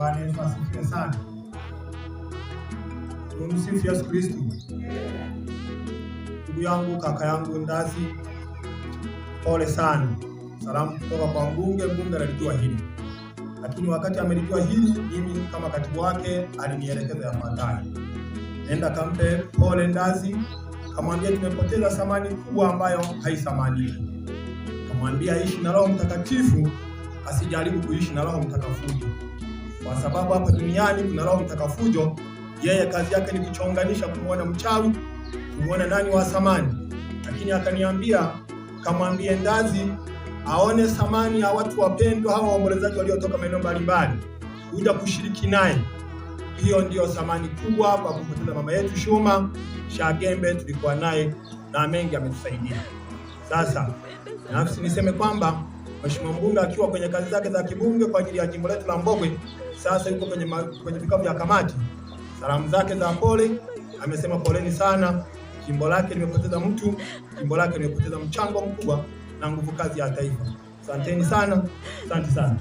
Bwana Yesu asifiwe sana. Tumsifu Yesu Kristo. Ndugu yangu, kaka yangu Ndazi, pole sana. Salamu kutoka kwa mbunge. Mbunge alijua hili, lakini wakati amelijua hili, mimi kama katibu wake alinielekeza yafuatayo: nenda kampe pole Ndazi, kamwambia tumepoteza thamani kubwa ambayo haithamaniwi. Kamwambia aishi na Roho Mtakatifu, asijaribu kuishi na roho mtakafuji kwa sababu hapa duniani kuna roho mtakafujo. Yeye kazi yake ni kuchonganisha, kumwona mchawi, kumwona nani wa samani. Lakini akaniambia kamwambie Ndazi aone samani ya watu wapendwa hawa waombolezaji waliotoka maeneo mbalimbali kuja kushiriki naye. Hiyo ndiyo samani kubwa kwa kupoteza mama yetu Shuma Shagembe, tulikuwa naye na mengi ametusaidia. Sasa nafsi niseme kwamba Mheshimiwa mbunge akiwa kwenye kazi zake za kibunge kwa ajili ya jimbo letu la Mbogwe, sasa yuko kwenye kwenye vikao vya kamati. Salamu zake za pole, amesema poleni sana, jimbo lake limepoteza mtu, jimbo lake limepoteza mchango mkubwa na nguvu kazi ya taifa. Asanteni sana, asante sana.